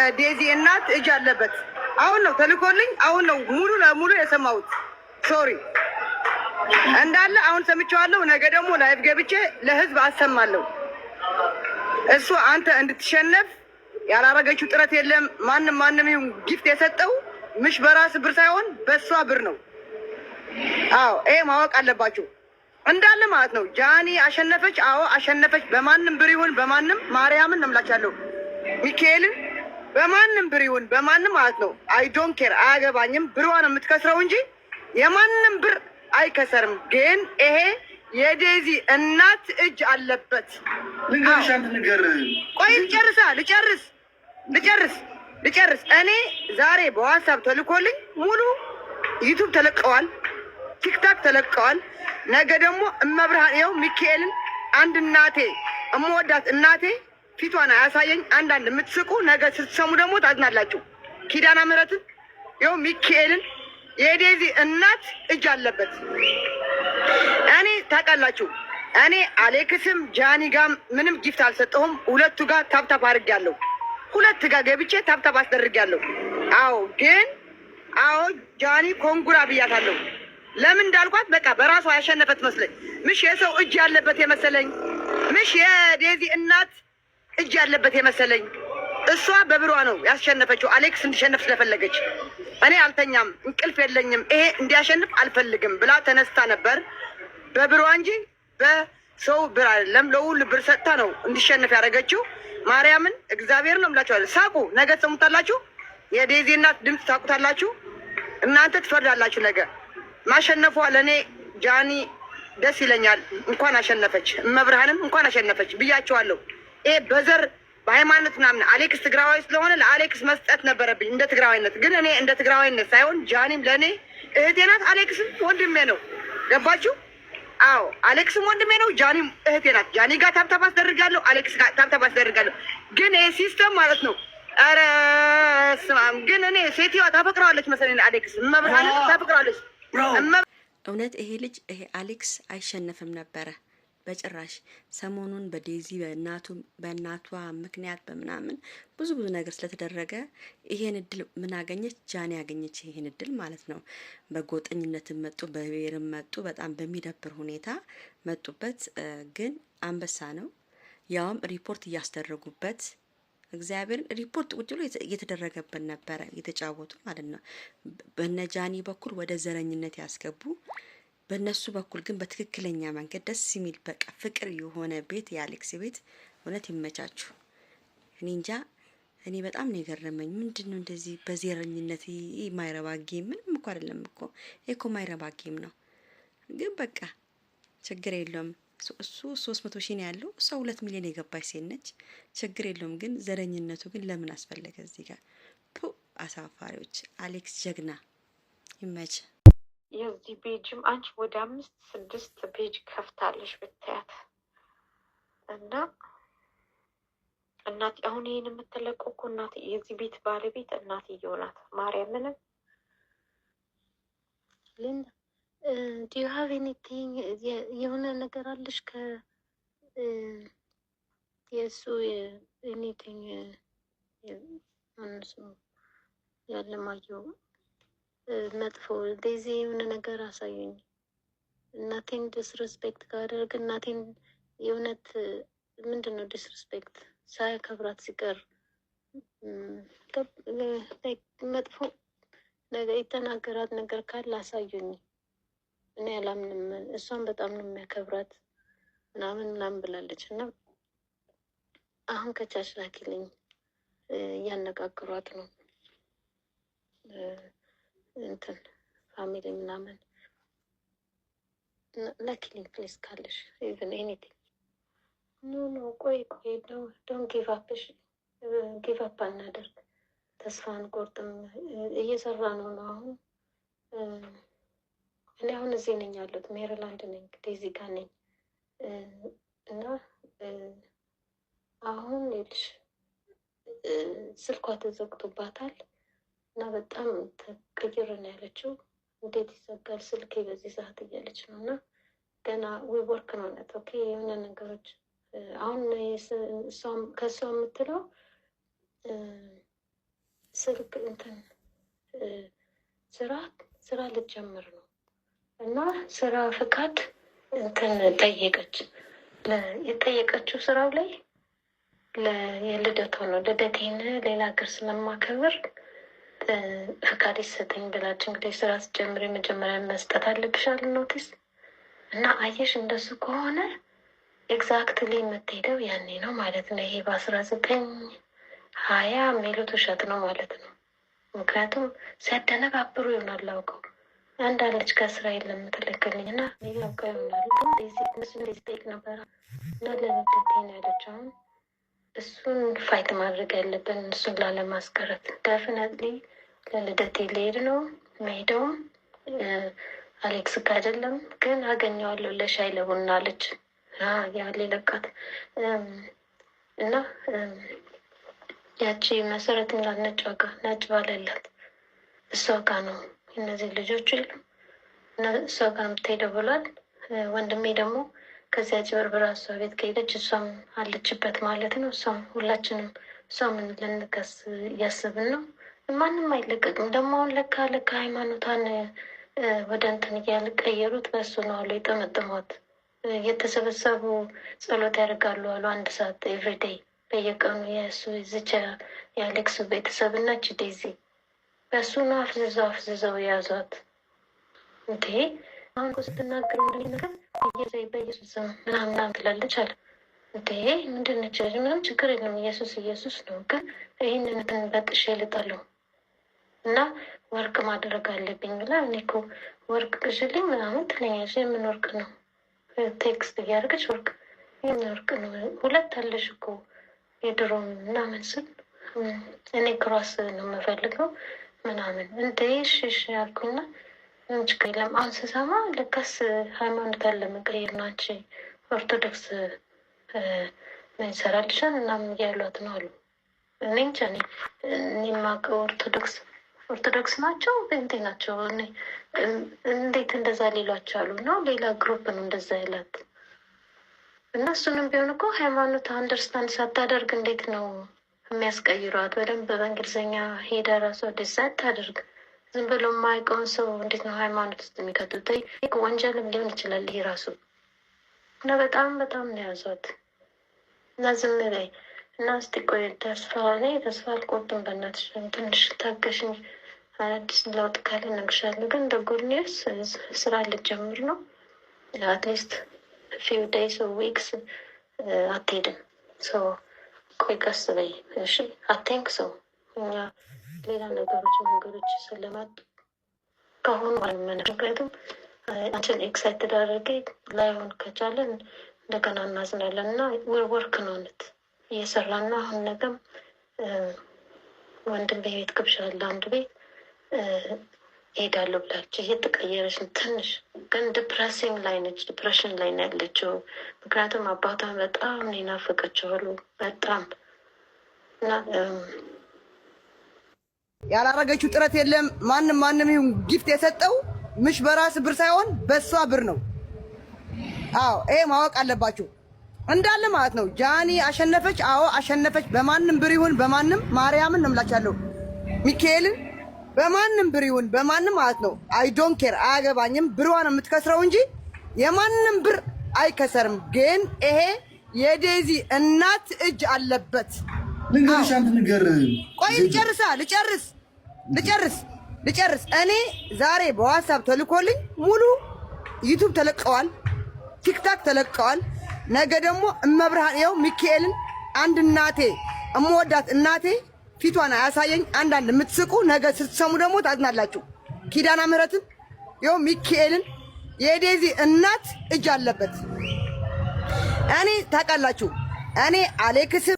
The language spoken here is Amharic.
የዴዚ እናት እጅ አለበት። አሁን ነው ተልኮልኝ፣ አሁን ነው ሙሉ ለሙሉ የሰማሁት። ሶሪ እንዳለ አሁን ሰምቼዋለሁ። ነገ ደግሞ ላይፍ ገብቼ ለህዝብ አሰማለሁ። እሱ አንተ እንድትሸነፍ ያላረገችው ጥረት የለም። ማንም ማንም ይሁን ጊፍት የሰጠው ምሽ በራስ ብር ሳይሆን በእሷ ብር ነው። አዎ ይሄ ማወቅ አለባችሁ እንዳለ ማለት ነው። ጃኒ አሸነፈች። አዎ አሸነፈች። በማንም ብር ይሁን በማንም ማርያምን እምላቻለሁ ሚካኤልን በማንም ብር ይሁን በማንም ማለት ነው። አይ ዶንት ኬር አያገባኝም። ብርዋ ነው የምትከስረው እንጂ የማንም ብር አይከሰርም። ግን ይሄ የዴዚ እናት እጅ አለበት። ቆይ ልጨርሳ ልጨርስ ልጨርስ ልጨርስ። እኔ ዛሬ በዋትሳፕ ተልኮልኝ ሙሉ ዩቱብ ተለቀዋል፣ ቲክታክ ተለቀዋል። ነገ ደግሞ እመብርሃን ይኸው ሚካኤልን አንድ እናቴ እመወዳት እናቴ ፊቷን አያሳየኝ። አንዳንድ የምትስቁ ነገ ስትሰሙ ደግሞ ታዝናላችሁ። ኪዳነ ምሕረትን ይኸው ሚካኤልን የዴዚ እናት እጅ አለበት። እኔ ታውቃላችሁ፣ እኔ አሌክስም ጃኒ ጋ ምንም ጊፍት አልሰጠሁም። ሁለቱ ጋር ታብታብ አድርጌያለሁ። ሁለት ጋር ገብቼ ታብታብ አስደርጌያለሁ። አዎ ግን አዎ ጃኒ ኮንጉራ ብያታለሁ። ለምን እንዳልኳት በቃ በራሷ ያሸነፈት መስለኝ። ምሽ የሰው እጅ ያለበት የመሰለኝ ምሽ የዴዚ እናት እጅ ያለበት የመሰለኝ እሷ በብሯ ነው ያስሸነፈችው። አሌክስ እንዲሸነፍ ስለፈለገች እኔ አልተኛም፣ እንቅልፍ የለኝም፣ ይሄ እንዲያሸንፍ አልፈልግም ብላ ተነስታ ነበር። በብሯ እንጂ በሰው ብር አይደለም። ለሁሉ ብር ሰጥታ ነው እንዲሸነፍ ያደረገችው። ማርያምን እግዚአብሔር ነው ምላችኋል። ሳቁ፣ ነገ ትሰሙታላችሁ። የዴዚ እናት ድምፅ ታቁታላችሁ። እናንተ ትፈርዳላችሁ ነገ። ማሸነፏ ለእኔ ጃኒ ደስ ይለኛል። እንኳን አሸነፈች፣ እመብርሃንም እንኳን አሸነፈች ብያቸዋለሁ። ይሄ በዘር በሃይማኖት ምናምን አሌክስ ትግራዋይ ስለሆነ ለአሌክስ መስጠት ነበረብኝ እንደ ትግራዋይነት። ግን እኔ እንደ ትግራዋይነት ሳይሆን ጃኒም ለእኔ እህቴ ናት፣ አሌክስም ወንድሜ ነው። ገባችሁ? አዎ አሌክስም ወንድሜ ነው፣ ጃኒም እህቴ ናት። ጃኒ ጋር ታብታብ አስደርጋለሁ፣ አሌክስ ጋር ታብታብ አስደርጋለሁ። ግን ይሄ ሲስተም ማለት ነው። ኧረ ስማ፣ ግን እኔ ሴትዮዋ ታፈቅረዋለች መሰለኝ አሌክስ፣ ታፈቅረዋለች። እውነት ይሄ ልጅ ይሄ አሌክስ አይሸነፍም ነበረ በጭራሽ ሰሞኑን በዴዚ በእናቱ በእናቷ ምክንያት በምናምን ብዙ ብዙ ነገር ስለተደረገ ይሄን እድል ምን አገኘች? ጃኔ ያገኘች ይሄን እድል ማለት ነው። በጎጠኝነትም መጡ፣ በብሔርም መጡ። በጣም በሚደብር ሁኔታ መጡበት። ግን አንበሳ ነው ያውም ሪፖርት እያስደረጉበት እግዚአብሔርን ሪፖርት ቁጭ ብሎ እየተደረገብን ነበረ፣ እየተጫወቱ ማለት ነው። በነጃኒ በኩል ወደ ዘረኝነት ያስገቡ በእነሱ በኩል ግን በትክክለኛ መንገድ ደስ የሚል በቃ ፍቅር የሆነ ቤት የአሌክስ ቤት እውነት ይመቻችሁ። እኔ እንጃ እኔ በጣም ነው የገረመኝ። ምንድን ነው እንደዚህ በዜረኝነት ማይረባ ጌም? ምንም እኮ አይደለም እኮ ኮ ማይረባ ጌም ነው፣ ግን በቃ ችግር የለውም። እሱ ሶስት መቶ ሺህ ነው ያለው፣ እሷ ሁለት ሚሊዮን የገባች ሴት ነች። ችግር የለውም። ግን ዘረኝነቱ ግን ለምን አስፈለገ እዚህ ጋር? ፑ አሳፋሪዎች። አሌክስ ጀግና ይመች። የዚህ ፔጅም አንቺ ወደ አምስት ስድስት ፔጅ ከፍታለሽ ብታያት እና እናት አሁን ይህን የምትለቀው እኮ እናት የዚህ ቤት ባለቤት እናትየው ናት። ማርያምንም ሊንዳ ዱ ዩ ሃቭ ኤኒቲንግ የሆነ ነገር አለሽ ከ የእሱ ኤኒቲንግ ያለማየው መጥፎ ዴዚ የሆነ ነገር አሳዩኝ። እናቴን ዲስሪስፔክት ካደረገ እናቴን የእውነት ምንድን ነው ዲስሪስፔክት ሳያከብራት ሲቀር መጥፎ የተናገራት ነገር ካለ አሳዩኝ። እኔ አላምንም። እሷን በጣም ነው የሚያከብራት ምናምን ምናምን ብላለች እና አሁን ከቻች ላኪልኝ እያነጋግሯት ነው። እንትን ፋሚሊ ምናምን ለኪሊንግ ፕሌስ ካለሽ ኢቭን ኤኒቲንግ ኖ ኖ ቆይ ቆይ ዶን ጊቫፕሽ ጊቫፕ አናደርግ ተስፋ አንቆርጥም። እየሰራ ነው ነው አሁን እኔ አሁን እዚህ ነኝ ያለሁት ሜሪላንድ ነኝ እንግዲህ እዚህ ጋር ነኝ እና አሁን ልጅ ስልኳ ተዘግቶባታል። እና በጣም ቅይር ነው ያለችው። እንዴት ይዘጋል ስልክ በዚህ ሰዓት እያለች ነው። እና ገና ወርክ ነው ነት ኦኬ የሆነ ነገሮች አሁን ከእሷ የምትለው ስልክ እንትን ስራ ስራ ልትጀምር ነው እና ስራ ፍቃድ እንትን ጠየቀች። የጠየቀችው ስራው ላይ የልደቷ ነው። ልደቴን ሌላ ሀገር ስለማከብር ፍቃድ ይሰጠኝ ብላችሁ እንግዲህ ስራ ስጀምር የመጀመሪያ መስጠት አለብሻል ኖቲስ እና አየሽ፣ እንደሱ ከሆነ ኤግዛክትሊ የምትሄደው ያኔ ነው ማለት ነው። ይሄ በአስራ ዘጠኝ ሀያ የሚሉት ውሸት ነው ማለት ነው። ምክንያቱም ሲያደነባብሩ ይሆናል አውቀው አንዳንድች ከስራ ከእስራኤል ለምትልክልኝ ና አውቀው ነበረ እና ነው ያለችውን እሱን ፋይት ማድረግ ያለብን እሱን ላለማስቀረት ደፍነትሊ ልደቴ ሊሄድ ነው መሄደውም አሌክስ ጋ አይደለም ግን አገኘዋለሁ ለሻይ ለቡና አለች። ያሌ ለቃት እና ያቺ መሰረት እና ነጭ ዋጋ ነጭ ባለላት እሷ ጋ ነው እነዚህ ልጆች እና እሷ ጋ የምትሄደው ብሏል። ወንድሜ ደግሞ ከዚያ ጭበርብራ እሷ ቤት ከሄደች እሷም አለችበት ማለት ነው። እሷም ሁላችንም እሷም ልንከስ እያስብን ነው። ማንም አይለቀቅም። ደግሞ አሁን ለካ ለካ ሃይማኖቷን ወደ እንትን እያልቀየሩት በሱ ነው አሉ የጠመጥሟት። የተሰበሰቡ ጸሎት ያደርጋሉ አሉ አንድ ሰዓት ኤቭሪዴይ በየቀኑ የእሱ ዝቻ የአሌክሱ ቤተሰብ እና ችዴዚ በእሱ ነው አፍዝዘው አፍዝዘው የያዟት። እንዴ አሁን እኮ ስትናገር እንደዚህ እየዘይ በኢየሱስ ምናምናም ትላለች አለ እንዴ ምንድን ነች? ምንም ችግር የለም ኢየሱስ ኢየሱስ ነው። ግን ይህንን እንትን በጥሼ ልጣለሁ እና ወርቅ ማድረግ አለብኝ ብላ እኔ እኮ ወርቅ ግዥልኝ ምናምን ትለኛለች። የምን ወርቅ ነው ቴክስት እያደረገች ወርቅ የምን ወርቅ ነው ሁለት አለሽ እኮ የድሮ ምናምን ስል እኔ ክሯስ ነው የምፈልገው ምናምን እንደ ሽሽ ያልኩና ችግር የለም አሁን ስሰማ ልከስ ሃይማኖት አለ መቀየር ናቸ ኦርቶዶክስ ሰራልሻን እናም እያሏት ነው አሉ። እኔ እንጃ እኔ የማውቀው ኦርቶዶክስ ኦርቶዶክስ ናቸው እንዴ ናቸው እንዴት እንደዛ ሌሏቸው አሉ ነው። ሌላ ግሩፕ ነው እንደዛ ያላት እና እሱንም ቢሆን እኮ ሃይማኖት አንደርስታንድ ሳታደርግ እንዴት ነው የሚያስቀይሯት? በደንብ በእንግሊዝኛ ሄዳ ራሷ ደዛ አታደርግ። ዝም ብሎ የማያውቀውን ሰው እንዴት ነው ሃይማኖት ውስጥ የሚከቱት? ወንጀልም ሊሆን ይችላል ይሄ ራሱ እና በጣም በጣም ነው ያዟት እና ዝም እና እስቲ ቆይ ተስፋ ላይ ተስፋ አልቆርጥም። በእናትሽ ትንሽ ታገሽ፣ አዲስ ለውጥ ካለ እነግርሻለሁ። ግን ደጎልኒያስ ስራ ልጀምር ነው። አትሊስት ፊው ዴይስ ዊክስ አትሄድም። ሶ ቆይ ቀስ በይ እሺ። አቴንክ ሰው እኛ ሌላ ነገሮች መንገዶች ስለመጡ ከሆኑ ባለመነሽ ምክንያቱም አንችን ኤክሳይትድ አድርጌ ላይሆን ከቻለን እንደገና እናዝናለን እና ወርክ ነው ነት እየሰራ ና አሁን ነገም ወንድም በቤት ግብዣ አለ አንድ ቤት ሄዳለሁ ብላችሁ እየተቀየረች ነው። ትንሽ ግን ዲፕሬሲንግ ላይ ነች፣ ዲፕሬሽን ላይ ነው ያለችው። ምክንያቱም አባቷን በጣም ነው የናፈቀችዋሉ በጣም እና ያላረገችው ጥረት የለም። ማንም ማንም ይሁን ጊፍት የሰጠው ምሽ በራስ ብር ሳይሆን በእሷ ብር ነው። አዎ ይሄ ማወቅ አለባችሁ። እንዳለ ማለት ነው። ጃኒ አሸነፈች። አዎ አሸነፈች። በማንም ብር ይሁን በማንም ማርያምን እምላቻለሁ፣ ሚካኤልን በማንም ብር ይሁን በማንም ማለት ነው። አይ ዶንት ኬር አያገባኝም። ብሯን የምትከስረው እንጂ የማንም ብር አይከሰርም። ግን ይሄ የዴዚ እናት እጅ አለበት። ልንገርሻን ነገር ቆይ ልጨርሳ ልጨርስ ልጨርስ ልጨርስ። እኔ ዛሬ በዋትሳፕ ተልኮልኝ ሙሉ ዩቱብ ተለቀዋል፣ ቲክታክ ተለቀዋል ነገ ደግሞ እመብርሃን ይኸው ሚካኤልን አንድ እናቴ እመወዳት እናቴ ፊቷን አያሳየኝ። አንዳንድ የምትስቁ ነገ ስትሰሙ ደግሞ ታዝናላችሁ። ኪዳና ምሕረትን ይኸው ሚካኤልን የዴዚ እናት እጅ አለበት። እኔ ታውቃላችሁ እኔ አሌክስ